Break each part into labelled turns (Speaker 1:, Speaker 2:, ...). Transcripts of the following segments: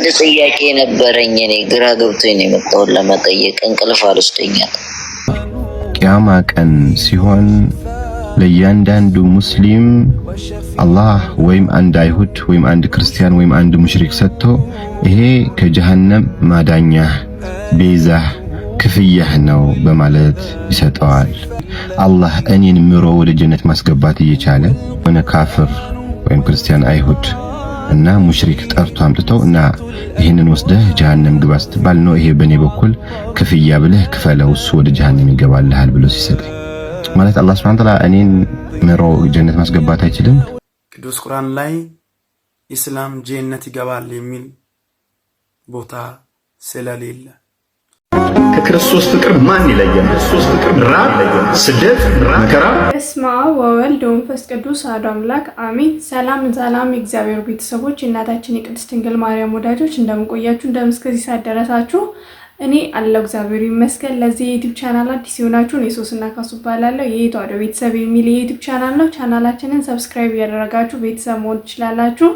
Speaker 1: አንድ ጥያቄ ነበረኝ። እኔ ግራ ገብቶኝ ነው የመጣሁት ለመጠየቅ። እንቅልፍ አልወስደኛል።
Speaker 2: ቅያማ ቀን ሲሆን ለእያንዳንዱ ሙስሊም አላህ ወይም አንድ አይሁድ ወይም አንድ ክርስቲያን ወይም አንድ ሙሽሪክ ሰጥቶ ይሄ ከጀሃነም ማዳኛህ፣ ቤዛህ፣ ክፍያህ ነው በማለት ይሰጠዋል። አላህ እኔን ምሮ ወደ ጀነት ማስገባት እየቻለ ሆነ ካፍር ወይም ክርስቲያን አይሁድ እና ሙሽሪክ ጠርቶ አምጥተው እና ይህንን ወስደህ ጀሃነም ግባ ስትባል ነው ይሄ በእኔ በኩል ክፍያ ብለህ ክፈለው እሱ ወደ ጀሃነም ይገባልሃል ብሎ ሲሰጠኝ ማለት አላህ ስብሐነ ወተዓላ እኔን ምሮ ጀነት ማስገባት አይችልም።
Speaker 3: ቅዱስ ቁርአን ላይ ኢስላም ጀነት ይገባል የሚል ቦታ ስለሌለ
Speaker 4: ከክርስቶስ ፍቅር ማን ይለየን? ክርስቶስ ፍቅር ራብ፣ ስደት፣ መከራ።
Speaker 5: በስመ አብ ወወልድ ወመንፈስ ቅዱስ አሐዱ አምላክ አሜን። ሰላም ሰላም፣ የእግዚአብሔር ቤተሰቦች፣ የእናታችን የቅድስት ድንግል ማርያም ወዳጆች እንደምንቆያችሁ እንደምስከዚህ ደረሳችሁ? እኔ አለው እግዚአብሔር ይመስገን። ለዚህ የዩቲዩብ ቻናል አዲስ የሆናችሁን የሶስና ካሱ እባላለሁ። ዋደ ቤተሰብ የሚል የዩቲዩብ ቻናል ነው። ቻናላችንን ሰብስክራይብ ያደረጋችሁ ቤተሰብ መሆን ትችላላችሁ።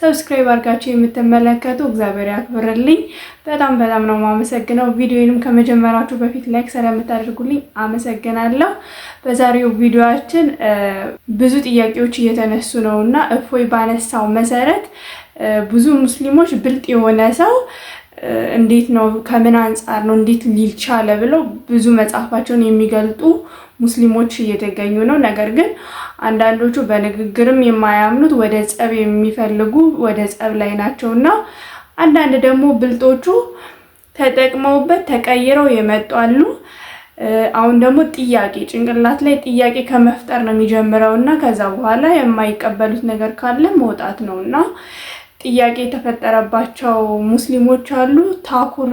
Speaker 5: ሰብስክራይብ አድርጋችሁ የምትመለከቱ እግዚአብሔር ያክብርልኝ። በጣም በጣም ነው ማመሰግነው። ቪዲዮንም ከመጀመራችሁ በፊት ላይክ ስለምታደርጉልኝ አመሰግናለሁ። በዛሬው ቪዲዮችን ብዙ ጥያቄዎች እየተነሱ ነው እና እፎይ ባነሳው መሰረት ብዙ ሙስሊሞች ብልጥ የሆነ ሰው እንዴት ነው ከምን አንጻር ነው እንዴት ሊልቻለ ብለው ብዙ መጽሐፋቸውን የሚገልጡ ሙስሊሞች እየተገኙ ነው። ነገር ግን አንዳንዶቹ በንግግርም የማያምኑት ወደ ጸብ የሚፈልጉ ወደ ጸብ ላይ ናቸው እና አንዳንድ ደግሞ ብልጦቹ ተጠቅመውበት ተቀይረው የመጡ አሉ። አሁን ደግሞ ጥያቄ ጭንቅላት ላይ ጥያቄ ከመፍጠር ነው የሚጀምረው እና ከዛ በኋላ የማይቀበሉት ነገር ካለ መውጣት ነው እና ጥያቄ የተፈጠረባቸው ሙስሊሞች አሉ። ታኩር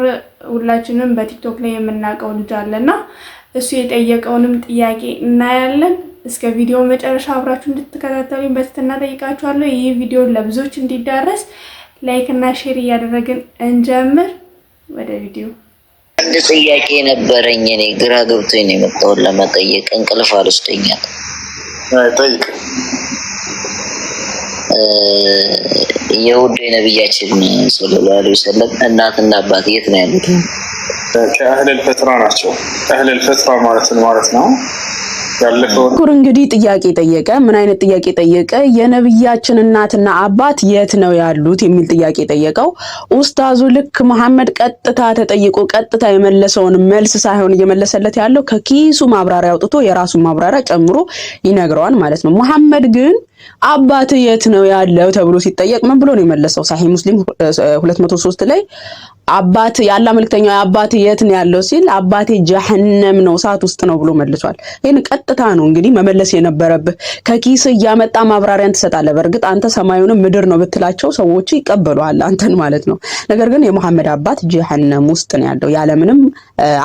Speaker 5: ሁላችንም በቲክቶክ ላይ የምናውቀው ልጅ አለና እሱ የጠየቀውንም ጥያቄ እናያለን። እስከ ቪዲዮ መጨረሻ አብራችሁ እንድትከታተሉ በትህትና ጠይቃችኋለሁ። ይህ ቪዲዮ ለብዙዎች እንዲዳረስ ላይክ እና ሼር እያደረግን እንጀምር። ወደ ቪዲዮ።
Speaker 1: አንድ ጥያቄ ነበረኝ። እኔ ግራ ገብቶኝ ነው የመጣሁት ለመጠየቅ። እንቅልፍ አልወስደኛል። ጠይቅ የውድ የነቢያችን ሰለላሁ ዐለይሂ ወሰለም እናትና አባት የት ነው ያሉት?
Speaker 6: ከአህለል ፈትራ ናቸው። አህለል ፈትራ ማለት ማለት ነው።
Speaker 7: ኩር እንግዲህ ጥያቄ ጠየቀ። ምን አይነት ጥያቄ ጠየቀ? የነብያችን እናትና አባት የት ነው ያሉት የሚል ጥያቄ ጠየቀው። ኡስታዙ ልክ መሐመድ ቀጥታ ተጠይቆ ቀጥታ የመለሰውን መልስ ሳይሆን እየመለሰለት ያለው ከኪሱ ማብራሪያ አውጥቶ የራሱን ማብራሪያ ጨምሮ ይነግረዋል ማለት ነው። መሐመድ ግን አባት የት ነው ያለው ተብሎ ሲጠየቅ ምን ብሎ ነው የመለሰው? ሳሂ ሙስሊም 203 ላይ አባት ያላ መልክተኛ አባት የት ነው ያለው ሲል አባቴ ጀሀነም ነው እሳት ውስጥ ነው ብሎ መልሷል። ይህን ቀጥታ ነው እንግዲህ መመለስ የነበረብህ። ከኪስ እያመጣ ማብራሪያን ትሰጣለህ። በእርግጥ አንተ ሰማዩንም ምድር ነው ብትላቸው ሰዎች ይቀበሉሃል፣ አንተን ማለት ነው። ነገር ግን የሙሐመድ አባት ጀሀነም ውስጥ ነው ያለው ያለምንም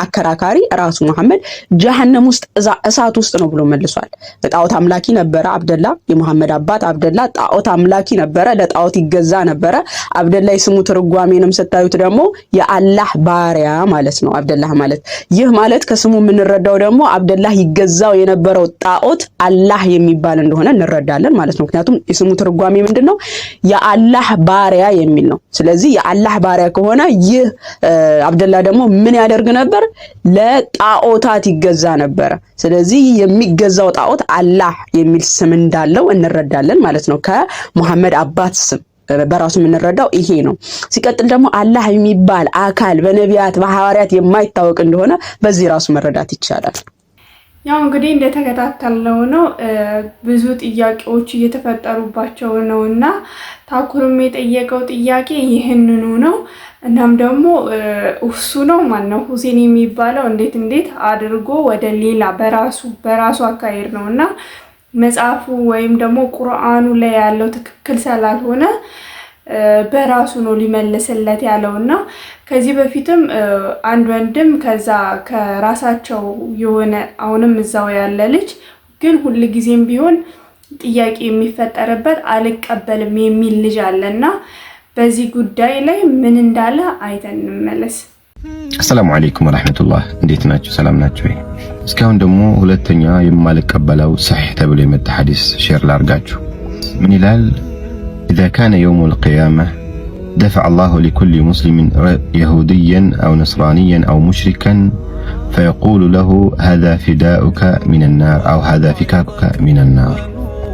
Speaker 7: አከራካሪ ራሱ መሐመድ ጀሀነም ውስጥ እሳት ውስጥ ነው ብሎ መልሷል። ጣዖት አምላኪ ነበረ አብደላ የሙሐመድ መሐመድ አባት አብደላ ጣዖት አምላኪ ነበረ፣ ለጣዖት ይገዛ ነበረ። አብደላ የስሙ ትርጓሜንም ስታዩት ደግሞ የአላህ ባሪያ ማለት ነው። አብደላ ማለት ይህ ማለት ከስሙ የምንረዳው ደግሞ አብደላ ይገዛው የነበረው ጣዖት አላህ የሚባል እንደሆነ እንረዳለን ማለት ነው። ምክንያቱም የስሙ ትርጓሜ ምንድን ነው? የአላህ ባሪያ የሚል ነው። ስለዚህ የአላህ ባሪያ ከሆነ ይህ አብደላ ደግሞ ምን ያደርግ ነበር? ለጣዖታት ይገዛ ነበረ። ስለዚህ የሚገዛው ጣዖት አላህ የሚል ስም እንዳለው እንረዳለን። እንረዳለን ማለት ነው። ከሙሐመድ አባት ስም በራሱ የምንረዳው ይሄ ነው። ሲቀጥል ደግሞ አላህ የሚባል አካል በነቢያት በሐዋርያት የማይታወቅ እንደሆነ በዚህ ራሱ መረዳት ይቻላል።
Speaker 5: ያው እንግዲህ እንደተከታተልነው ነው ብዙ ጥያቄዎች እየተፈጠሩባቸው ነው እና ታኩርም የጠየቀው ጥያቄ ይህንኑ ነው። እናም ደግሞ እሱ ነው ነው ሁሴን የሚባለው እንዴት እንዴት አድርጎ ወደ ሌላ በራሱ በራሱ አካሄድ ነው እና መጽሐፉ ወይም ደግሞ ቁርአኑ ላይ ያለው ትክክል ስላልሆነ በራሱ ነው ሊመልስለት ያለው እና ከዚህ በፊትም አንድ ወንድም ከዛ ከራሳቸው የሆነ አሁንም እዛው ያለ ልጅ ግን ጊዜም ቢሆን ጥያቄ የሚፈጠርበት አልቀበልም የሚል ልጅ አለ እና በዚህ ጉዳይ ላይ ምን እንዳለ አይተን እንመለስ።
Speaker 2: አሰላሙ አለይኩም ወራህመቱላህ እንዴት ናችሁ? ሰላም ናችሁ ወይ? እስካሁን ደግሞ ሁለተኛ የማልቀበለው ሰሒህ ተብሎ የመጣ ሐዲስ ሼር ላርጋችሁ። ምን ይላል? اذا كان يوم القيامه دفع الله لكل مسلم يهوديا او نصرانيا او مشركا فيقول له هذا فداؤك من النار او هذا فكاكك من النار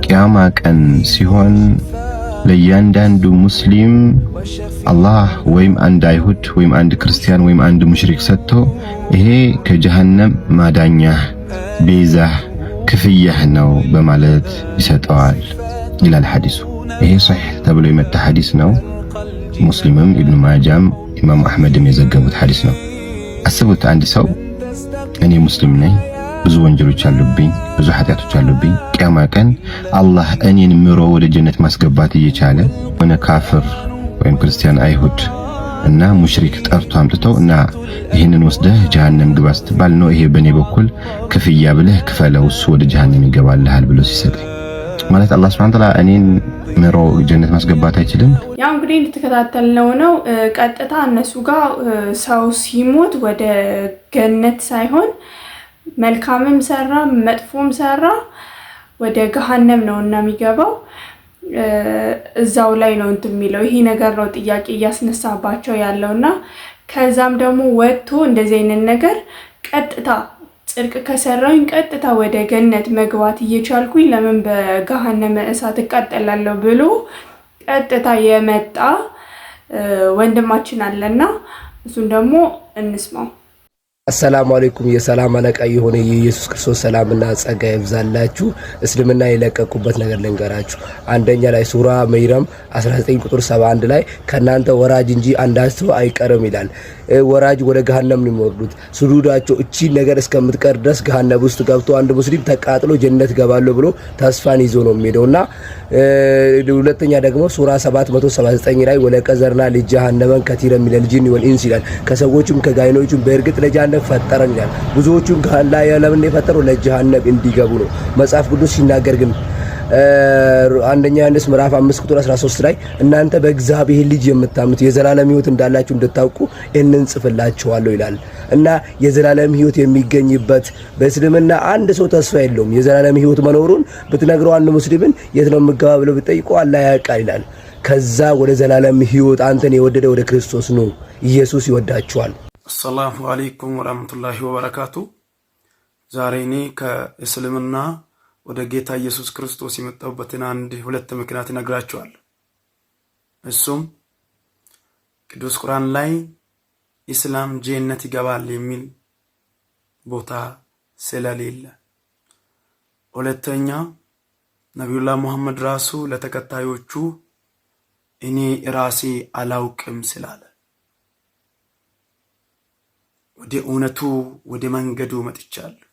Speaker 2: قيامك ان سيሆን ለእያንዳንዱ ሙስሊም አላህ ወይም አንድ አይሁድ ወይም አንድ ክርስቲያን ወይም አንድ ሙሽሪክ ሰጥቶ ይሄ ከጀሃነም ማዳኛህ፣ ቤዛህ፣ ክፍያህ ነው በማለት ይሰጠዋል ይላል ሐዲሱ። ይሄ ሶሒሕ ተብሎ የመጣ ሐዲስ ነው። ሙስሊምም ኢብኑ ማጃም ኢማም አሕመድም የዘገቡት ሐዲስ ነው። አስቡት አንድ ሰው እኔ ሙስሊም ነኝ ብዙ ወንጀሎች አሉብኝ፣ ብዙ ኃጢአቶች አሉብኝ። ቅያማ ቀን አላህ እኔን ምሮ ወደ ጀነት ማስገባት እየቻለ ሆነ ካፍር ወይም ክርስቲያን አይሁድ እና ሙሽሪክ ጠርቶ አምጥተው እና ይህንን ወስደህ ጀሃነም ግባ ስትባል ነው ይሄ በእኔ በኩል ክፍያ ብለህ ክፈለው እሱ ወደ ጀሃነም ይገባልሃል ብሎ ሲሰጠኝ ማለት አላህ ስብሐነ ወተዓላ እኔን ምሮ ጀነት ማስገባት አይችልም።
Speaker 5: ያው እንግዲህ እንድትከታተልነው ነው። ቀጥታ እነሱ ጋር ሰው ሲሞት ወደ ገነት ሳይሆን መልካምም ሰራ መጥፎም ሰራ ወደ ገሃነም ነው እና የሚገባው። እዛው ላይ ነው እንትን የሚለው ይሄ ነገር ነው ጥያቄ እያስነሳባቸው ያለው እና ከዛም ደግሞ ወጥቶ እንደዚህ አይነት ነገር ቀጥታ ጽድቅ ከሰራኝ ቀጥታ ወደ ገነት መግባት እየቻልኩኝ ለምን በገሃነመ እሳት እቃጠላለሁ ብሎ ቀጥታ የመጣ ወንድማችን አለና እሱን ደግሞ እንስማው።
Speaker 8: አሰላሙ አለይኩም የሰላም አለቃ የሆነ የኢየሱስ ክርስቶስ ሰላምና ጸጋ ይብዛላችሁ። እስልምና የለቀቁበት ነገር ልንገራችሁ። አንደኛ ላይ ሱራ መይረም 19 ቁጥር 71 ላይ ከእናንተ ወራጅ እንጂ አንዳች ሰው አይቀርም ይላል። ወራጅ ወደ ገሃነም ነው የሚወርዱት። ስዱዳቸው እቺ ነገር እስከምትቀር ድረስ ገሃነም ውስጥ ገብቶ አንድ ሙስሊም ተቃጥሎ ጀነት ገባለሁ ብሎ ተስፋን ይዞ ነው የሚሄደውና ሁለተኛ ደግሞ ሱራ 779 ላይ ወለቀዘርና ለጀሃነመን ከቲረ ሚነል ጂኒ ወል ኢንስ ይላል። ከሰዎችም ከጋይኖችም በእርግጥ ለጀሃነም ፈጠረን ይላል። ብዙዎቹም ለምን የፈጠረው ለጀሃነም እንዲገቡ ነው። መጽሐፍ ቅዱስ ሲናገር ግን አንደኛ ዮሐንስ ምዕራፍ 5 ቁጥር 13 ላይ እናንተ በእግዚአብሔር ልጅ የምታምኑት የዘላለም ሕይወት እንዳላችሁ እንድታውቁ ይህንን ጽፍላችኋለሁ ይላል እና የዘላለም ሕይወት የሚገኝበት በእስልምና አንድ ሰው ተስፋ የለውም። የዘላለም ሕይወት መኖሩን ብትነግረው አንድ ሙስሊምን የት ነው የምገባ ብለው ብትጠይቀው አላህ ያውቃል ይላል። ከዛ ወደ ዘላለም ሕይወት አንተን የወደደ ወደ ክርስቶስ ነው። ኢየሱስ ይወዳችኋል።
Speaker 9: አሰላሙ አለይኩም ወራህመቱላሂ ወበረካቱ። ዛሬ እኔ ከእስልምና ወደ ጌታ ኢየሱስ ክርስቶስ የመጣሁበትን አንድ ሁለት ምክንያት ይነግራችኋል። እሱም ቅዱስ ቁርአን ላይ ኢስላም ጄነት ይገባል የሚል ቦታ ስለሌለ፣ ሁለተኛ ነቢዩላህ ሙሐመድ ራሱ ለተከታዮቹ እኔ ራሴ አላውቅም ስላለ ወደ እውነቱ ወደ መንገዱ መጥቻለሁ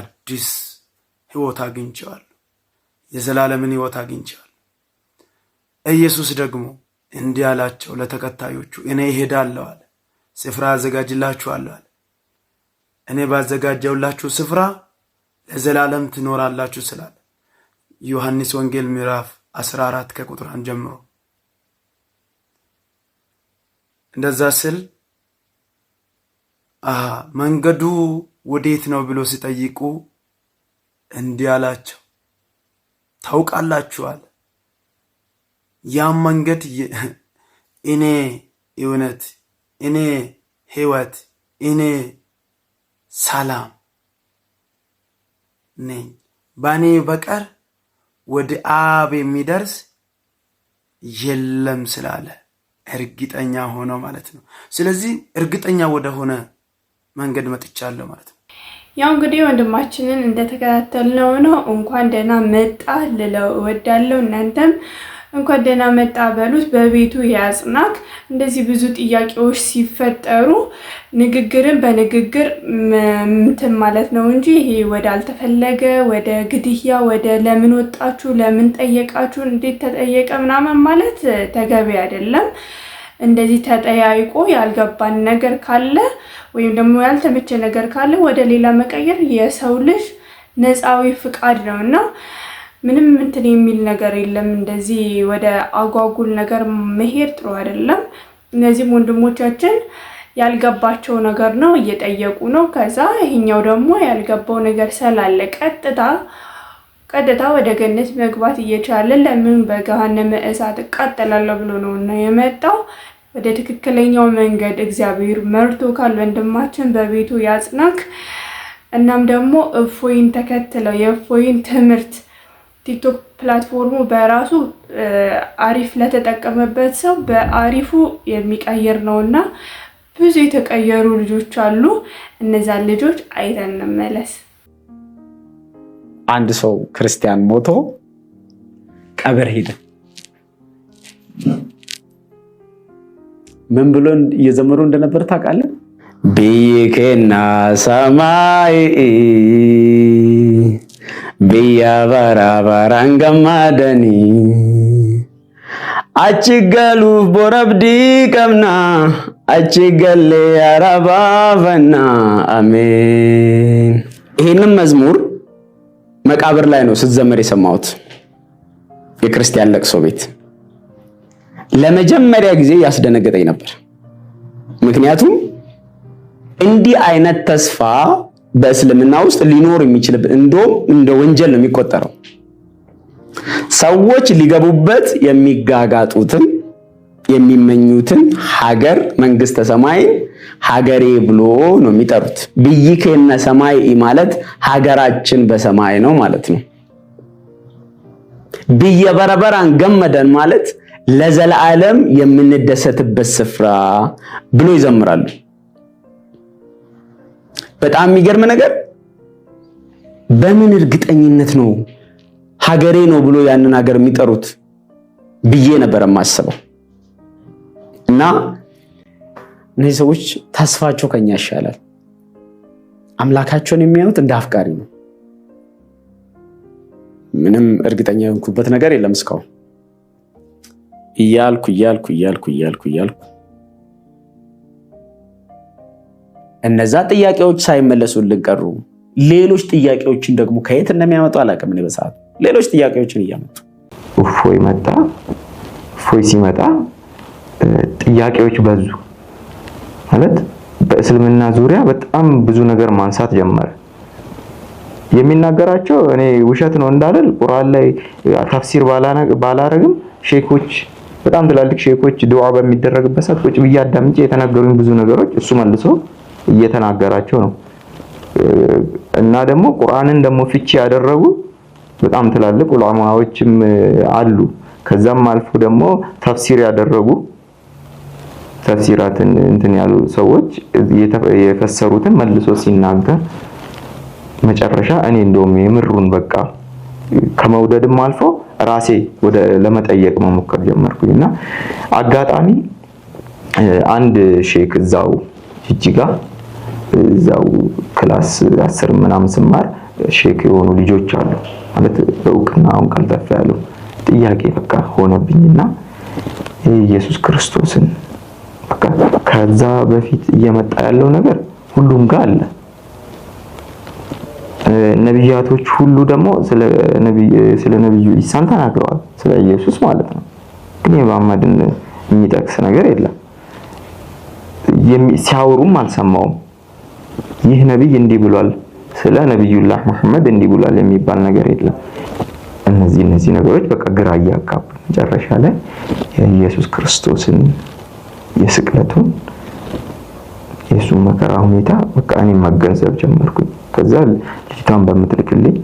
Speaker 9: አዲስ ሕይወት አግኝቸዋል። የዘላለምን ሕይወት አግኝቸዋል? ኢየሱስ ደግሞ እንዲህ አላቸው ለተከታዮቹ፣ እኔ እሄዳለሁ አለ፣ ስፍራ አዘጋጅላችኋለሁ አለ። እኔ ባዘጋጀውላችሁ ስፍራ ለዘላለም ትኖራላችሁ ስላለ ዮሐንስ ወንጌል ምዕራፍ 14 ከቁጥር አንድ ጀምሮ እንደዛ ስል አሃ መንገዱ ወዴት ነው ብሎ ሲጠይቁ እንዲህ አላቸው፣ ታውቃላችኋል ያም መንገድ እኔ እውነት፣ እኔ ሕይወት፣ እኔ ሰላም ነኝ። በእኔ በቀር ወደ አብ የሚደርስ የለም ስላለ እርግጠኛ ሆኖ ማለት ነው። ስለዚህ እርግጠኛ ወደ ሆነ መንገድ መጥቻለሁ ማለት ነው።
Speaker 5: ያው እንግዲህ ወንድማችንን እንደተከታተልነው ነው። እንኳን ደህና መጣ ልለው እወዳለሁ። እናንተም እንኳን ደህና መጣ በሉት፣ በቤቱ ያጽናክ። እንደዚህ ብዙ ጥያቄዎች ሲፈጠሩ ንግግርን በንግግር እንትን ማለት ነው እንጂ ይሄ ወደ አልተፈለገ ወደ ግድያ፣ ወደ ለምን ወጣችሁ፣ ለምን ጠየቃችሁ፣ እንዴት ተጠየቀ ምናምን ማለት ተገቢ አይደለም። እንደዚህ ተጠያይቆ ያልገባን ነገር ካለ ወይም ደግሞ ያልተመቸ ነገር ካለ ወደ ሌላ መቀየር የሰው ልጅ ነፃዊ ፍቃድ ነው እና ምንም እንትን የሚል ነገር የለም። እንደዚህ ወደ አጓጉል ነገር መሄድ ጥሩ አይደለም። እነዚህም ወንድሞቻችን ያልገባቸው ነገር ነው እየጠየቁ ነው። ከዛ ይሄኛው ደግሞ ያልገባው ነገር ስላለ ቀጥታ ቀጥታ ወደ ገነት መግባት እየቻለ ለምን በገሃነመ እሳት እቃጠላለሁ ብሎ ነው እና የመጣው። ወደ ትክክለኛው መንገድ እግዚአብሔር መርቶ ካል ወንድማችን በቤቱ ያጽናክ። እናም ደግሞ እፎይን ተከትለው የእፎይን ትምህርት ቲክቶክ ፕላትፎርሙ በራሱ አሪፍ ለተጠቀመበት ሰው በአሪፉ የሚቀይር ነው እና ብዙ የተቀየሩ ልጆች አሉ። እነዛን ልጆች አይተን እንመለስ።
Speaker 9: አንድ ሰው ክርስቲያን ሞቶ ቀብር ሄደ። ምን ብሎ እየዘመሩ እንደነበር ታውቃለህ?
Speaker 10: ብይክና ሰማይ ብያበራበራን ገማደኒ አችገሉ ቦረብዲ ቀምና አችገሌ አረባበና አሜን።
Speaker 9: ይህንም መዝሙር መቃብር ላይ ነው ስትዘመር የሰማሁት የክርስቲያን ለቅሶ ቤት ለመጀመሪያ ጊዜ ያስደነገጠኝ ነበር። ምክንያቱም እንዲህ አይነት ተስፋ በእስልምና ውስጥ ሊኖር የሚችልበት እንደውም እንደ ወንጀል ነው የሚቆጠረው። ሰዎች ሊገቡበት የሚጋጋጡትን የሚመኙትን ሀገር መንግስተ ሰማይን ሀገሬ ብሎ ነው የሚጠሩት። ብይኬነ ሰማይ ማለት ሀገራችን በሰማይ ነው ማለት ነው። ብየበረበራን ገመደን ማለት ለዘላለም የምንደሰትበት ስፍራ ብሎ ይዘምራሉ። በጣም የሚገርም ነገር በምን እርግጠኝነት ነው ሀገሬ ነው ብሎ ያንን ሀገር የሚጠሩት ብዬ ነበር የማስበው። እና እነዚህ ሰዎች ተስፋቸው ከኛ ይሻላል። አምላካቸውን የሚያዩት እንደ አፍቃሪ ነው። ምንም እርግጠኛ የሆንኩበት ነገር የለም እስካሁን እያልኩ እያልኩ እያልኩ እያልኩ እያልኩ እነዛ ጥያቄዎች ሳይመለሱልን ቀሩ። ሌሎች ጥያቄዎችን ደግሞ ከየት እንደሚያመጡ አላውቅም። እኔ በሰዓቱ ሌሎች ጥያቄዎችን እያመጡ እፎይ መጣ። እፎይ ሲመጣ ጥያቄዎች በዙ ማለት በእስልምና ዙሪያ በጣም ብዙ ነገር ማንሳት ጀመረ። የሚናገራቸው እኔ ውሸት ነው እንዳልል ቁርአን ላይ ተፍሲር ባላረግም ሼኮች በጣም ትላልቅ ሼኮች ዱዓ በሚደረግበት ሰዓት ቁጭ ብዬ አዳምጬ የተናገሩኝ ብዙ ነገሮች እሱ መልሶ እየተናገራቸው ነው። እና ደግሞ ቁርአንን ደግሞ ፍቺ ያደረጉ በጣም ትላልቅ ዑለማዎችም አሉ። ከዛም አልፎ ደግሞ ተፍሲር ያደረጉ ተፍሲራትን እንትን ያሉ ሰዎች የፈሰሩትን መልሶ ሲናገር መጨረሻ እኔ እንደውም የምሩን በቃ ከመውደድም አልፎ ራሴ ወደ ለመጠየቅ መሞከር ጀመርኩኝ እና አጋጣሚ አንድ ሼክ እዛው ጅጅጋ እዛው ክላስ አስር ምናምን ስማር ሼክ የሆኑ ልጆች አሉ ማለት በእውቅና አሁን ቀልጠፍ ያሉ ጥያቄ በቃ ሆነብኝና ኢየሱስ ክርስቶስን በቃ ከዛ በፊት እየመጣ ያለው ነገር ሁሉም ጋር አለ ነቢያቶች ሁሉ ደግሞ ስለ ነቢዩ ኢሳን ተናግረዋል፣ ስለ ኢየሱስ ማለት ነው። ግን የመሐመድን የሚጠቅስ ነገር የለም። ሲያወሩም አልሰማውም። ይህ ነቢይ እንዲህ ብሏል፣ ስለ ነቢዩላህ መሐመድ እንዲህ ብሏል የሚባል ነገር የለም። እነዚህ እነዚህ ነገሮች በቃ ግራ እያጋቡ መጨረሻ ላይ የኢየሱስ ክርስቶስን የስቅለቱን የእሱን መከራ ሁኔታ በቃ እኔ መገንዘብ ጀመርኩኝ። ከዛ ልጅቷን በምትልክልኝ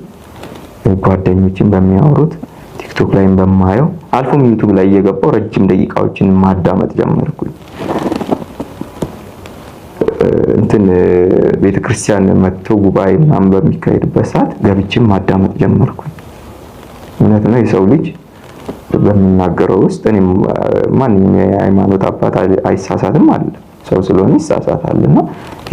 Speaker 9: ጓደኞችን በሚያወሩት ቲክቶክ ላይም በማየው አልፎም ዩቱብ ላይ እየገባው ረጅም ደቂቃዎችን ማዳመጥ ጀመርኩኝ። እንትን ቤተክርስቲያን መጥቶ ጉባኤ ምናምን በሚካሄድበት ሰዓት ገብቼም ማዳመጥ ጀመርኩኝ። እውነት ነው የሰው ልጅ በሚናገረው ውስጥ እኔም ማንኛውም የሃይማኖት አባት አይሳሳትም አለ ሰው ስለሆነ እና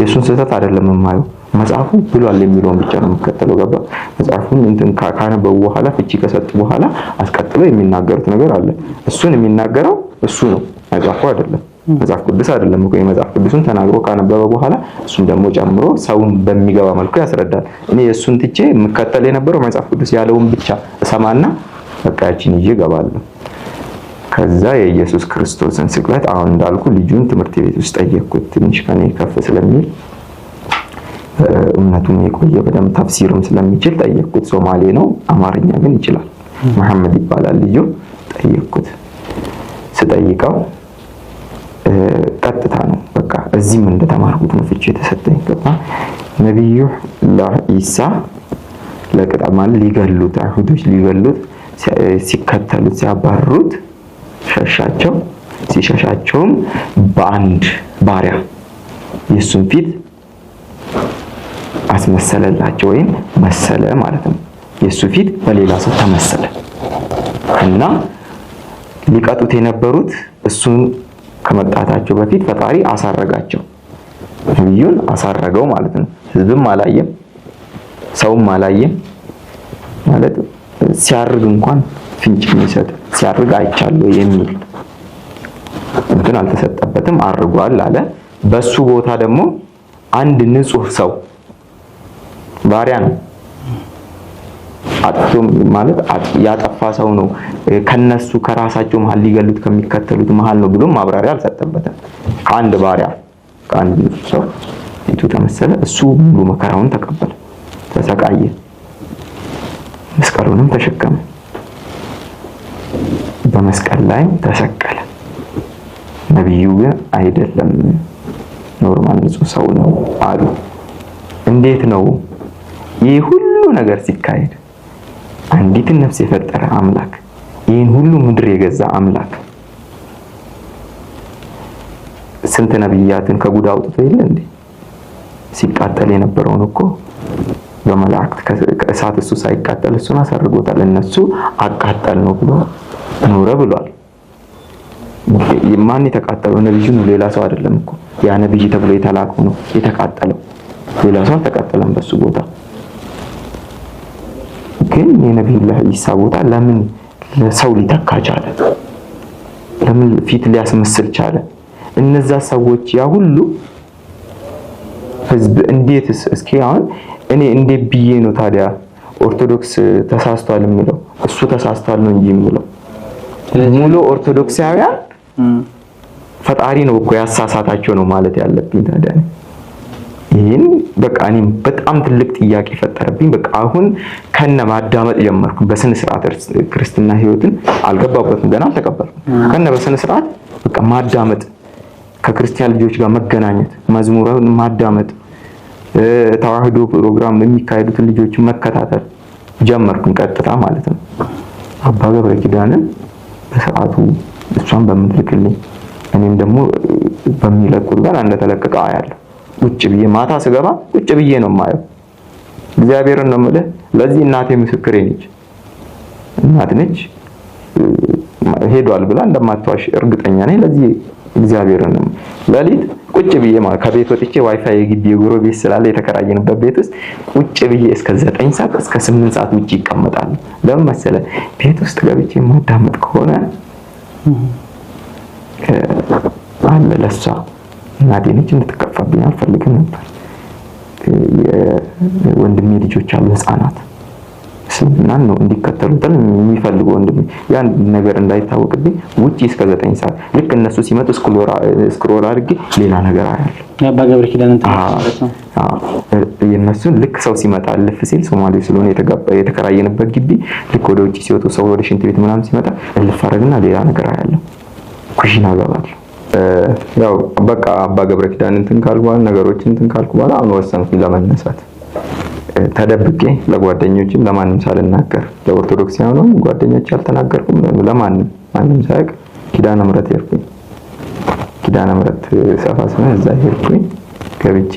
Speaker 9: የእሱን ስህተት አይደለም የማየው መጽሐፉ ብሏል የሚለውን ብቻ ነው የሚከተለው። ገባ መጽሐፉን እንትን ካነበቡ በኋላ ፍቺ ከሰጡ በኋላ አስቀጥሎ የሚናገሩት ነገር አለ። እሱን የሚናገረው እሱ ነው፣ መጽሐፉ አይደለም። መጽሐፍ ቅዱስ አይደለም እኮ የመጽሐፍ ቅዱስን ተናግሮ ካነበበ በኋላ እሱን ደግሞ ጨምሮ ሰውን በሚገባ መልኩ ያስረዳል። እኔ እሱን ትቼ የምከተል የነበረው መጽሐፍ ቅዱስ ያለውን ብቻ እሰማና በቃያችን ይዤ እገባለሁ። ከዛ የኢየሱስ ክርስቶስን ስቅለት አሁን እንዳልኩ ልጁን ትምህርት ቤት ውስጥ ጠየቅኩት። ትንሽ ከኔ ከፍ ስለሚል እምነቱም የቆየ በደንብ ተፍሲርም ስለሚችል ጠየቅኩት። ሶማሌ ነው፣ አማርኛ ግን ይችላል። መሐመድ ይባላል ልጁ። ጠየቅኩት። ስጠይቀው ቀጥታ ነው በቃ እዚህም እንደተማርኩት ነው ፍቺ የተሰጠኝ። ገባ ነቢዩ ለኢሳ ለቅጠማል ሊገሉት አይሁዶች ሊገሉት ሲከተሉት ሲያባሩት ሸሻቸው። ሲሸሻቸውም በአንድ ባሪያ የእሱን ፊት አስመሰለላቸው ወይም መሰለ ማለት ነው። የእሱ ፊት በሌላ ሰው ተመሰለ እና ሊቀጡት የነበሩት እሱ ከመጣታቸው በፊት ፈጣሪ አሳረጋቸው። ነቢዩን አሳረገው ማለት ነው። ህዝብም አላየም፣ ሰውም አላየም ማለት ሲያርግ እንኳን ፍንጭ የሚሰጥ ሲያርግ አይቻለሁ የሚል እንትን አልተሰጠበትም። አርጓል አለ። በሱ ቦታ ደግሞ አንድ ንጹህ ሰው ባሪያ ነው። አጥፍቶ ማለት ያጠፋ ሰው ነው ከነሱ ከራሳቸው መሀል ሊገሉት ከሚከተሉት መሀል ነው ብሎ ማብራሪያ አልሰጠበትም። ከአንድ ባሪያ ከአንድ ሰው ፊቱ ተመሰለ። እሱ ሙሉ መከራውን ተቀበለ፣ ተሰቃየ፣ መስቀሉንም ተሸከመ። በመስቀል ላይ ተሰቀለ። ነቢዩ ግን አይደለም ኖርማል ንጹህ ሰው ነው አሉ። እንዴት ነው ይህ ሁሉ ነገር ሲካሄድ አንዲትን ነፍስ የፈጠረ አምላክ ይህን ሁሉ ምድር የገዛ አምላክ ስንት ነቢያትን ከጉድ አውጥቶ የለ እንዴ? ሲቃጠል የነበረውን እኮ በመላእክት ከእሳት እሱ ሳይቃጠል እሱን አሳርጎታል። እነሱ አቃጠል ነው ብሎ ኑረ ብሏል። ማን የተቃጠለው ነብዩ ነው፣ ሌላ ሰው አይደለም እኮ ያ ነብይ ተብሎ የተላከው ነው የተቃጠለው፣ ሌላ ሰው አልተቃጠለም በሱ ቦታ። ግን የነቢዩላህ ዒሳ ቦታ ለምን ለሰው ሊተካ ቻለ? ለምን ፊት ሊያስመስል ቻለ? እነዛ ሰዎች ያ ሁሉ ህዝብ እንዴትስ? እስኪ አሁን እኔ እንዴት ብዬ ነው ታዲያ ኦርቶዶክስ ተሳስቷል የሚለው? እሱ ተሳስቷል ነው እንጂ የሚለው ሙሉ ኦርቶዶክሳውያን ፈጣሪ ነው እኮ ያሳሳታቸው ነው ማለት ያለብኝ ታዲያ ይህን በቃ እኔም በጣም ትልቅ ጥያቄ ፈጠረብኝ። በቃ አሁን ከነ ማዳመጥ ጀመርኩ። በስነ ስርዓት ክርስትና ህይወትን አልገባበትም፣ ገና አልተቀበልኩም። ከነ በስነ ስርዓት በቃ ማዳመጥ፣ ከክርስቲያን ልጆች ጋር መገናኘት፣ መዝሙርን ማዳመጥ፣ ተዋህዶ ፕሮግራም የሚካሄዱትን ልጆች መከታተል ጀመርኩኝ፣ ቀጥታ ማለት ነው። አባ ገብረ ኪዳንን በስርዓቱ እሷን በምትልክልኝ እኔም ደግሞ በሚለቁት ጋር እንደተለቀቀ አያለሁ። ቁጭ ብዬ ማታ ስገባ ቁጭ ብዬ ነው የማየው። እግዚአብሔርን ነው የምልህ። ለዚህ እናቴ ምስክሬ ነች። እናት ነች ሄዷል ብላ እንደማትዋሽ እርግጠኛ ነኝ። ለዚህ እግዚአብሔርን ነው ለሊት ቁጭ ብዬ ማለት ከቤት ወጥቼ ዋይፋይ የግቢ የጉሮ ቤት ስላለ የተከራየንበት ቤት ውስጥ ቁጭ ብዬ እስከ ዘጠኝ ሰዓት እስከ ስምንት ሰዓት ውጭ ይቀመጣሉ። ለምን መሰለ ቤት ውስጥ ገብቼ የማዳመጥ ከሆነ አለ ለሷ እናቴ ነች፣ እንድትከፋብኝ አልፈልግም ነበር። ወንድሜ ልጆች አሉ ህፃናት ስልምናን ነው እንዲከተሉ ጥል የሚፈልጉ ወንድሜ ያን ነገር እንዳይታወቅብኝ ውጪ እስከ ዘጠኝ ሰዓት ልክ እነሱ ሲመጡ ስክሮል አድርጌ ሌላ ነገር አያለሁ። በገብር ገብረ ኪዳን የእነሱን ልክ ሰው ሲመጣ ልፍ ሲል ሶማሌ ስለሆነ የተከራየንበት ግቢ ልክ ወደ ውጭ ሲወጡ ሰው ወደ ሽንት ቤት ምናምን ሲመጣ እልፍ አደረግና ሌላ ነገር አያለሁ። ኩሽና እገባለሁ። ያው በቃ አባ ገብረ ኪዳን እንትን ካልኩ በኋላ ነገሮች እንትን ካልኩ በኋላ አሁን ወሰንኩኝ ለመነሳት ተደብቄ ለጓደኞችም ለማንም ሳልናገር ለኦርቶዶክስ ያሆነም ጓደኞች አልተናገርኩም ለማንም ማንም ሳያውቅ ኪዳነ ምሕረት ሄድኩኝ። ኪዳነ ምሕረት ሰፋ ስና እዛ ሄድኩኝ። ገብቼ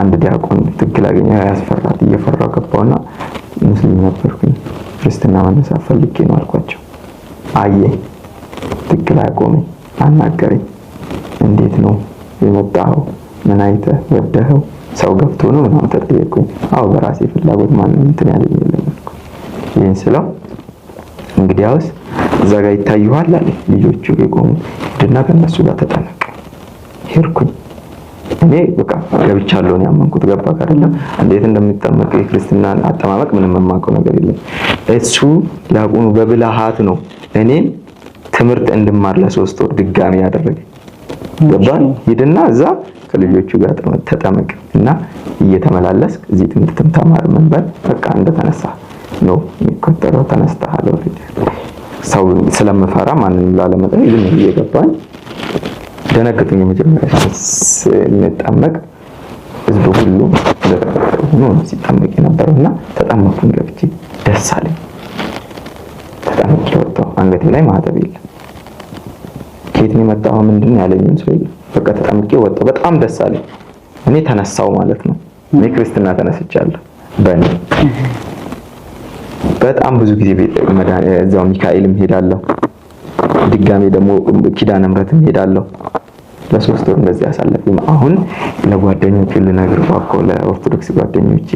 Speaker 9: አንድ ዲያቆን ትክክል አገኘ ያስፈራት እየፈራው ገባውና ሙስሊም ነበርኩኝ ክርስትና መነሳት ፈልጌ ነው አልኳቸው። አየ ትክክል አያቆመኝ አናገረኝ። እንዴት ነው የመጣኸው? ምን አይተህ ወደኸው? ሰው ገብቶ ነው ምናምን ተጠየቅኩኝ። አዎ በራሴ ፍላጎት ማንም እንትን ያለኝ የለም። ይህን ስለው እንግዲያውስ እዛ ጋር ይታዩሃል አለ። ልጆቹ የቆሙ ድና ከእነሱ ጋር ተጠመቀ። ሄድኩኝ እኔ በቃ ገብቻለሁ ነው ያመንኩት። ገባ አይደለም እንዴት እንደሚጠመቅ የክርስትናን አጠማመቅ ምንም የማውቀው ነገር የለም። እሱ ላቁኑ በብልሃት ነው እኔን ትምህርት እንድማር ለሶስት ወር ድጋሚ ያደረገ ገባን። ሂድና እዛ ከልጆቹ ጋር ተጠመቅ እና እየተመላለስ እዚህ ትምህርትም ተማር መንበር በቃ እንደተነሳ ነው የሚቆጠረው። ተነስተሃል። ሰው ስለምፈራ ማንንም ላለመጠን ዝም እየገባኝ ደነገጥኝ። የመጀመሪያ ስንጠመቅ ህዝብ ሁሉ ሆኖ ሲጠመቅ የነበረው እና ተጠመኩኝ። ገብቼ ደስ አለኝ። ተጠመቅ ወጥተው አንገቴ ላይ ማህተብ የለም። ከየት ነው የመጣው ምንድን ያለኝ ስለዚህ በቃ ተጠምቄ ወጣሁ። በጣም ደስ አለኝ። እኔ ተነሳው ማለት ነው። እኔ ክርስትና ተነስቻለሁ። በእኔ በጣም ብዙ ጊዜ እዛው ሚካኤልም ሄዳለሁ፣ ድጋሜ ደግሞ ኪዳነ ምሕረትም ሄዳለሁ። ለሶስት ወር እንደዚህ አሳለፍኩኝ። አሁን ለጓደኞቹ ልነግር እባክዎ ለኦርቶዶክስ ጓደኞቼ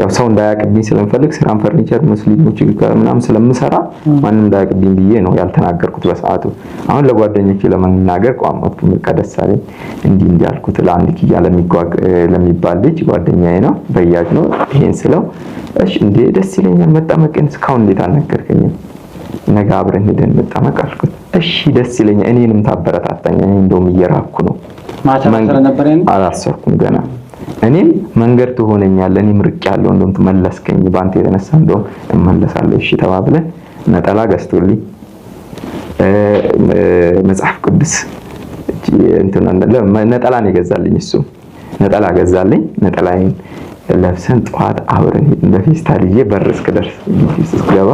Speaker 9: ያው ሰው እንዳያቅብኝ ስለምፈልግ ስራም ፈርኒቸር ሙስሊሞች ጋር ምናምን ስለምሰራ ማንም እንዳያቅብኝ ብዬ ነው ያልተናገርኩት በሰዓቱ። አሁን ለጓደኞች ለመናገር ቋመኩ። ቀደስ አለኝ እንዲህ ለአንድ ክያ ለሚባል ልጅ ጓደኛዬ ነው በያጅ ነው። ይሄን ስለው እሺ እንዴ ደስ ይለኛል መጠመቅን እስካሁን እንዴት አልነገርከኝም? ነገ አብረን ሄደን መጠመቅ አልኩት። እሺ ደስ ይለኛል። እኔንም ታበረታታኝ። እኔ እንደውም እየራኩ ነው። ማታ ስለነበረ አላሰርኩም ገና እኔም መንገድ ትሆነኛለህ። እኔም ርቅ ያለው እንደውም ትመለስከኝ በአንተ የተነሳ እንደውም እመለሳለሁ። እሺ ተባብለን ነጠላ ገዝቶልኝ መጽሐፍ ቅዱስ ነጠላ ነው የገዛልኝ። እሱ ነጠላ ገዛልኝ። ነጠላዬን ለብሰን ጠዋት አብረን ሄድን። በፌስታል ይዤ በር እስክደርስ እስክገባ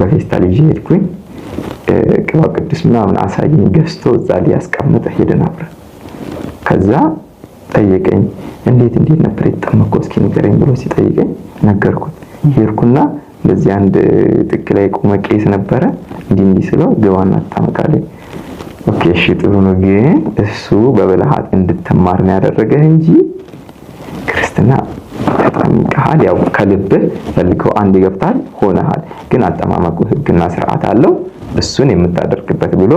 Speaker 9: በፌስታል ይዤ ሄድኩኝ። ቅባ ቅዱስ ምናምን አሳየኝ ገዝቶ እዛ ላይ ያስቀመጠ ሄደን አብረን ከዛ ጠየቀኝ። እንዴት እንዴት ነበር የተጠመቀው እስኪ ንገረኝ ብሎ ሲጠይቀኝ ነገርኩት። ሄድኩና በዚህ አንድ ጥቅ ላይ ቆመ ቄስ ነበረ። እንዲህ እንዲህ ስለው ግባና ተጠመቃለ። ኦኬ እሺ ጥሩ ነው፣ ግን እሱ በብልሃት እንድትማር ነው ያደረገህ እንጂ ክርስትና ተጠምቀሃል፣ ያው ከልብህ ፈልገው አንድ ገብታል ሆነሃል፣ ግን አጠማመቁ ህግና ስርዓት አለው እሱን የምታደርግበት ብሎ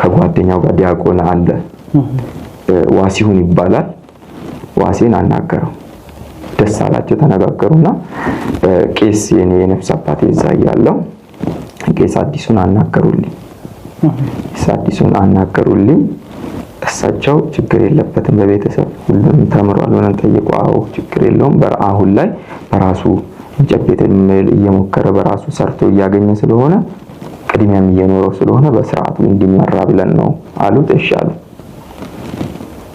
Speaker 9: ከጓደኛው ጋር ዲያቆን አለ ዋሲሁን ይባላል። ዋሴን አናገረው። ደስ አላቸው፣ ተነጋገሩና ቄስ የኔ የነፍስ አባቴ እዛ ያለው ቄስ አዲሱን አናገሩልኝ ቄስ አዲሱን አናገሩልኝ። እሳቸው ችግር የለበትም በቤተሰብ ሁሉም ተምሯል ብለን ጠይቁ። አዎ ችግር የለውም አሁን ላይ በራሱ እንጨት ቤት የሚል እየሞከረ በራሱ ሰርቶ እያገኘ ስለሆነ ቅድሚያም እየኖረው ስለሆነ በስርዓቱ እንዲመራ ብለን ነው አሉት። እሺ አሉ።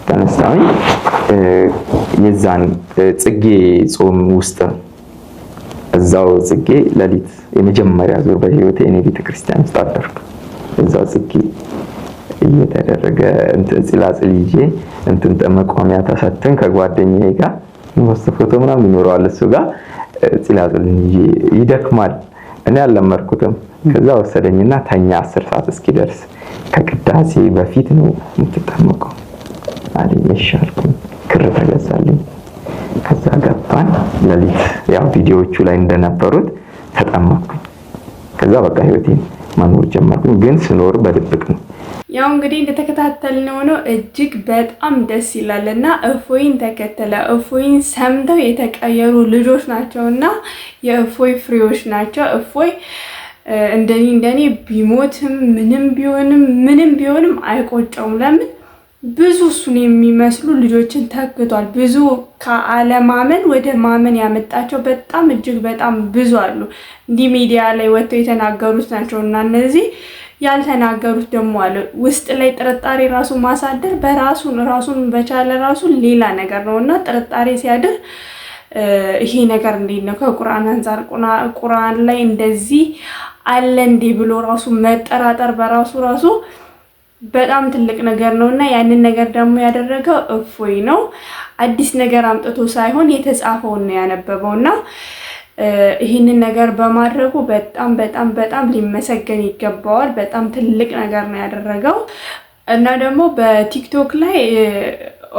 Speaker 9: ተነሳሁኝ። የዛን ጽጌ ጾም ውስጥ እዛው ጽጌ የመጀመሪያ ዙር በህይወቴ እኔ ቤተክርስቲያን ውስጥ አደርኩ። እዛው ጽጌ እየተደረገ እንትን ጽላጽል ይዤ እንትን መቋሚያ ታሳትን ከጓደኛዬ ጋር ሞስት ፎቶ ምናምን ይኖረዋል እሱ ጋር ጽላጽል ይደክማል። እኔ አልለመድኩትም። ከዛ ወሰደኝና ተኛ አስር ሰዓት እስኪደርስ ከቅዳሴ በፊት ነው የምትጠመቀው። ፈጣሪ ይሻልኩኝ ክር ተገዛልኝ። ከዛ ገባን። ለሊት ያው ቪዲዮዎቹ ላይ እንደነበሩት ተጠመኩኝ። ከዛ በቃ ህይወቴን መኖር ጀመርኩኝ። ግን ስኖር በድብቅ ነው።
Speaker 5: ያው እንግዲህ እንደተከታተልነው ነው። እጅግ በጣም ደስ ይላል እና እፎይን ተከተለ። እፎይን ሰምተው የተቀየሩ ልጆች ናቸው እና የእፎይ ፍሬዎች ናቸው። እፎይ እንደኔ እንደኔ ቢሞትም ምንም ቢሆንም ምንም ቢሆንም አይቆጨውም። ለምን ብዙ እሱን የሚመስሉ ልጆችን ተክቷል። ብዙ ከአለማመን ወደ ማመን ያመጣቸው በጣም እጅግ በጣም ብዙ አሉ። እንዲህ ሚዲያ ላይ ወጥተው የተናገሩት ናቸው እና እነዚህ ያልተናገሩት ደግሞ አለ። ውስጥ ላይ ጥርጣሬ ራሱ ማሳደር በራሱን ራሱን በቻለ ራሱ ሌላ ነገር ነው እና ጥርጣሬ ሲያድር ይሄ ነገር እንዴት ነው ከቁርአን አንጻር ቁርአን ላይ እንደዚህ አለ እንዴ ብሎ ራሱ መጠራጠር በራሱ ራሱ በጣም ትልቅ ነገር ነው እና ያንን ነገር ደግሞ ያደረገው እፎይ ነው። አዲስ ነገር አምጥቶ ሳይሆን የተጻፈውን ነው ያነበበው እና ይህንን ነገር በማድረጉ በጣም በጣም በጣም ሊመሰገን ይገባዋል። በጣም ትልቅ ነገር ነው ያደረገው እና ደግሞ በቲክቶክ ላይ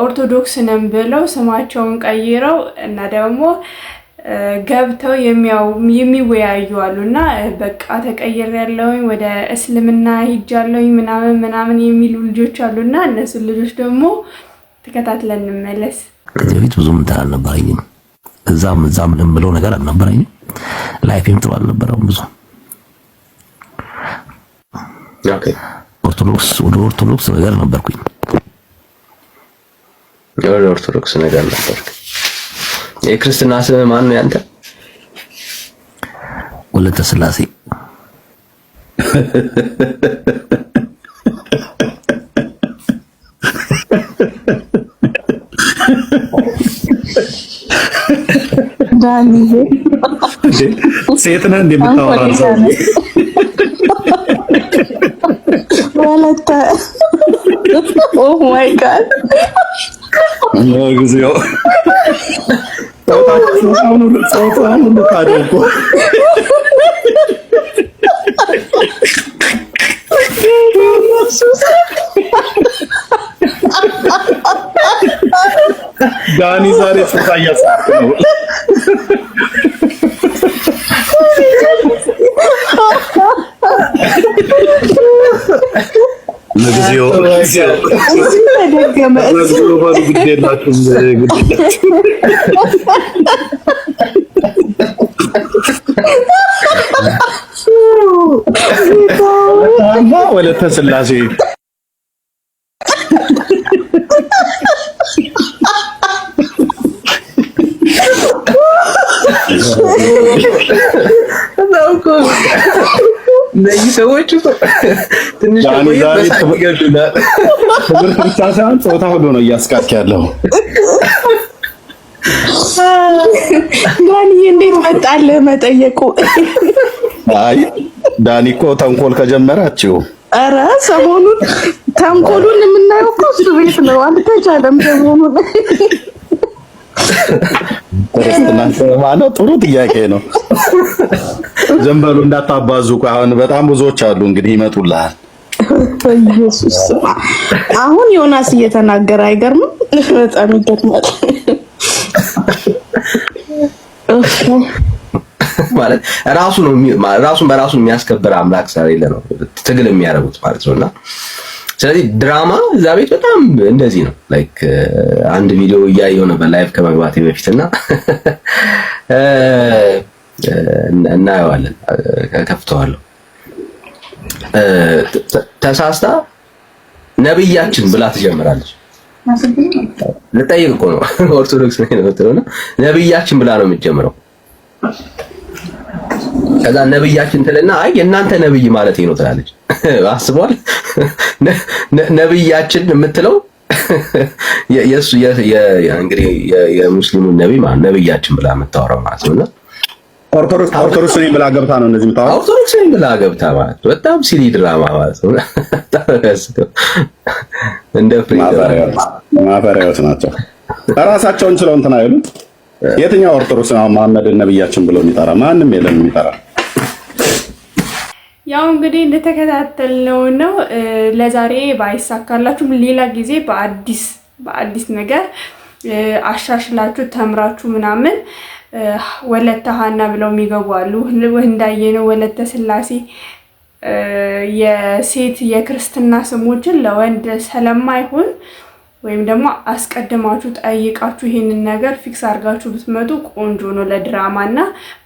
Speaker 5: ኦርቶዶክስ ነን ብለው ስማቸውን ቀይረው እና ደግሞ ገብተው የሚወያዩ አሉ እና በቃ ተቀየር ያለውኝ ወደ እስልምና ሂጃለውኝ ምናምን ምናምን የሚሉ ልጆች አሉ እና እነሱን ልጆች ደግሞ ተከታትለን እንመለስ።
Speaker 9: ከዚህ በፊት ብዙም እንትን አልነበረኝም፣ እዛም እዛም የምለው ነገር አልነበረኝም። ላይፌም ጥሩ አልነበረውም። ብዙ ኦርቶዶክስ ወደ ኦርቶዶክስ ነገር ነበርኩኝ፣ ወደ ኦርቶዶክስ ነገር ነበርኩኝ የክርስትና ስም ማን ነው ያንተ? ወለተ ስላሴ። ዳንዬ ሴት ነህ እንደምታወራ ሰው
Speaker 5: ወለተ ኦ ማይ ጋድ
Speaker 9: ነው ጊዜው ጾታውን ሁሉ ታደርጎ ዳኒ ዛሬ ጾታ እያሳት ነው። ለጊዜው ወለተ ስላሴ እነዚህ ሰዎች ትንሽ ትምህርት ብቻ ሳይሆን ፆታ ሁሉ ነው እያስቃቅ ያለው።
Speaker 5: ዳኒ እንዴት መጣለ መጠየቁ?
Speaker 9: አይ ዳኒ እኮ ተንኮል ከጀመራችሁ
Speaker 5: ኧረ ሰሞኑን ተንኮሉን የምናየው እኮ እሱ ቤት ነው። አልተቻለም ሰሞኑን
Speaker 9: ማነው? ጥሩ ጥያቄ ነው። ዝም በሉ እንዳታባዙ። አሁን በጣም ብዙዎች አሉ እንግዲህ ይመጡልሃል።
Speaker 5: ኢየሱስ አሁን ዮናስ እየተናገረ አይገርምም? በጣም ይገርማል።
Speaker 9: ማለት ራሱ ነው ራሱን በራሱ የሚያስከብር አምላክ ስለሌለ ነው ትግል የሚያደርጉት ማለት እና ስለዚህ ድራማ እዛ ቤት በጣም እንደዚህ ነው። ላይክ uh, አንድ ቪዲዮ የሆነ ነበር ከመግባት ከመግባቴ በፊትና እናየዋለን ከፍተዋለሁ። ተሳስታ ነብያችን ብላ ትጀምራለች። ልጠይቅ እኮ ነው። ኦርቶዶክስ ነው የምትለው ነብያችን ብላ ነው የምትጀምረው። ከዛ ነብያችን ትልና አይ የእናንተ ነብይ ማለት ነው ትላለች። አስቧል። ነብያችን የምትለው የሱ እንግዲህ የሙስሊሙን ነብይ ማለት ነብያችን ብላ የምታወራው ማለት ነው። ኦርቶዶክስ ኦርቶዶክስ ነኝ ብላ ገብታ ነው እንደዚህ የምታወራው። ኦርቶዶክስ ነኝ ብላ ገብታ ማለት በጣም ሲሊ ድራማ ማለት ነው። እንደ ፍሪ ማፈሪያዎች ናቸው። ራሳቸውን ችለው እንትን አይሉት። የትኛው ኦርቶዶክስ ነው መሐመድን ነብያችን ብሎ የሚጠራ? ማንም የለም የሚጠራ።
Speaker 5: ያው እንግዲህ እንደተከታተልነው ነው። ለዛሬ ባይሳካላችሁም ሌላ ጊዜ በአዲስ በአዲስ ነገር አሻሽላችሁ ተምራችሁ ምናምን ወለተ ሀና ብለው የሚገቡ አሉ። እንዳየነው ወለተ ስላሴ የሴት የክርስትና ስሞችን ለወንድ ስለማይሆን ወይም ደግሞ አስቀድማችሁ ጠይቃችሁ ይህንን ነገር ፊክስ አድርጋችሁ ብትመጡ ቆንጆ ነው ለድራማ እና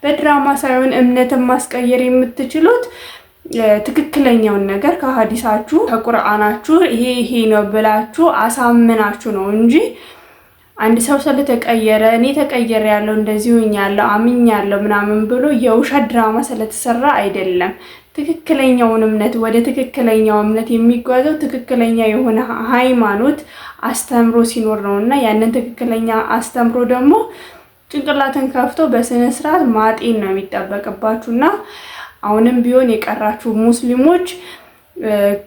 Speaker 5: በድራማ ሳይሆን እምነትን ማስቀየር የምትችሉት ትክክለኛውን ነገር ከሀዲሳችሁ ከቁርአናችሁ ይሄ ይሄ ነው ብላችሁ አሳምናችሁ ነው እንጂ አንድ ሰው ስለተቀየረ እኔ ተቀየረ ያለው እንደዚሁ ያለው አምኝ ያለው ምናምን ብሎ የውሸት ድራማ ስለተሰራ አይደለም። ትክክለኛውን እምነት ወደ ትክክለኛው እምነት የሚጓዘው ትክክለኛ የሆነ ሃይማኖት አስተምሮ ሲኖር ነው እና ያንን ትክክለኛ አስተምሮ ደግሞ ጭንቅላትን ከፍቶ በስነ ስርዓት ማጤን ነው የሚጠበቅባችሁ እና አሁንም ቢሆን የቀራችሁ ሙስሊሞች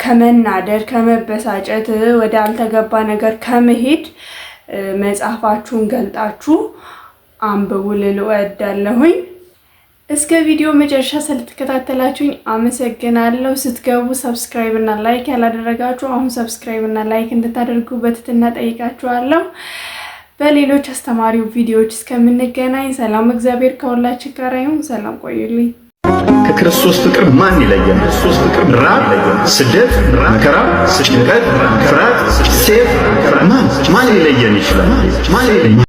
Speaker 5: ከመናደር ከመበሳጨት ወደ አልተገባ ነገር ከመሄድ መጽሐፋችሁን ገልጣችሁ አንብቡ ልል እወዳለሁኝ። እስከ ቪዲዮ መጨረሻ ስለተከታተላችሁኝ አመሰግናለሁ። ስትገቡ ሰብስክራይብ እና ላይክ ያላደረጋችሁ አሁን ሰብስክራይብ እና ላይክ እንድታደርጉ በትህትና ጠይቃችኋለሁ። በሌሎች አስተማሪው ቪዲዮዎች እስከምንገናኝ ሰላም፣ እግዚአብሔር ከሁላችን ጋር ይሁን። ሰላም ቆዩልኝ። ከክርስቶስ ፍቅር ማን ይለየን? ራብ፣ ስደት፣ መከራ፣ ጭንቀት፣ ፍርሃት፣ ሴፍ ማን ማን ሊለየን ይችላል? ማን